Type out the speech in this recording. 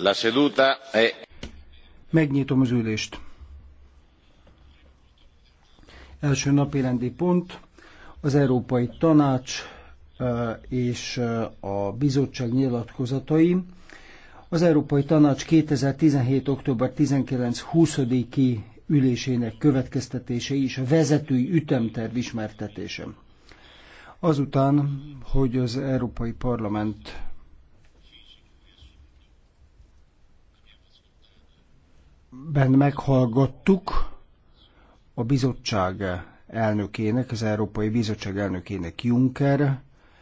La seduta è... Megnyitom az ülést. Első napirendi pont az Európai Tanács és a bizottság nyilatkozatai. Az Európai Tanács 2017. október 19-20-i ülésének következtetése és a vezetői ütemterv ismertetése. Azután, hogy az Európai Parlament ben meghallgattuk a bizottság elnökének, az Európai Bizottság elnökének Juncker